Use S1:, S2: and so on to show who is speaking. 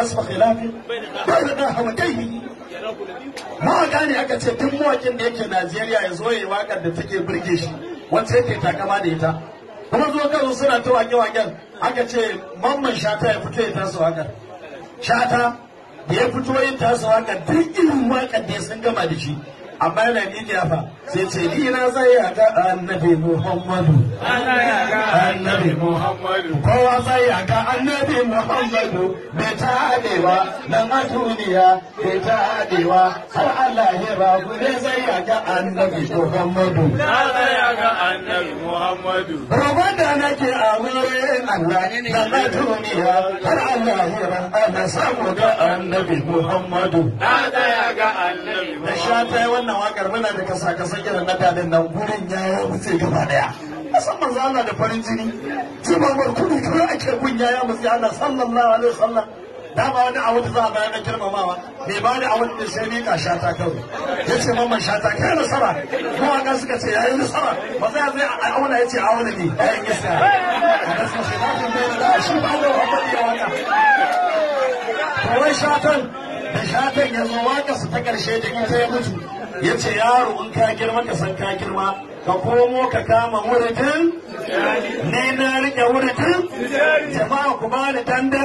S1: نصف خلاف بين هوتين mawaka ne aka ce tun mawakin da yake Najeriya ya zo ya yi wakar da take burge shi wacce yake takama da ita kuma zo karo suna ta wake waken aka ce mamman shata ya fito ya tasa wakar shata da ya fito ya tasa wakar duk irin wakar da sun gama da shi amma yana ni fa sai ce ni na zai haka annabi Muhammadu annabi Muhammadu kowa tsaya ga annabi Muhammadu bai ta haɗewa nan a duniya bai ta haɗewa har Allah ya rabu ne tsaya ga annabi Muhammadu na tsaya ga annabi Muhammadu roban da nake a wurin nan a duniya har Allah ya rabu na samu ga annabi Muhammadu na tsaya ga annabi Muhammadu da sha ta yi wannan wakar muna da kasa-kasa irin na dalin nan gurin ya yi wuce gaba daya san manzo Allah da farin jini ba mamar kudu kuma ake kunya ya musu Allah sallallahu alaihi wasallam ba wani a wata za a bayan girmamawa me ba da a wani da sai mika shata kawai ya ce mamman shata kai na nasara mawaka suka ce yayin sara ba za a zai a auna ya ce a wani ne bayan ya gaskiya a suka ce na kun bayyana da shi ba da wani ya waka kawai shatan da shatan ya zo waka su ta karshe da ita ya mutu ya ce yaro in ka girma ka san ka girma ka komo ka kama wuridin ne na rike wuridin jama'a ku bani tanda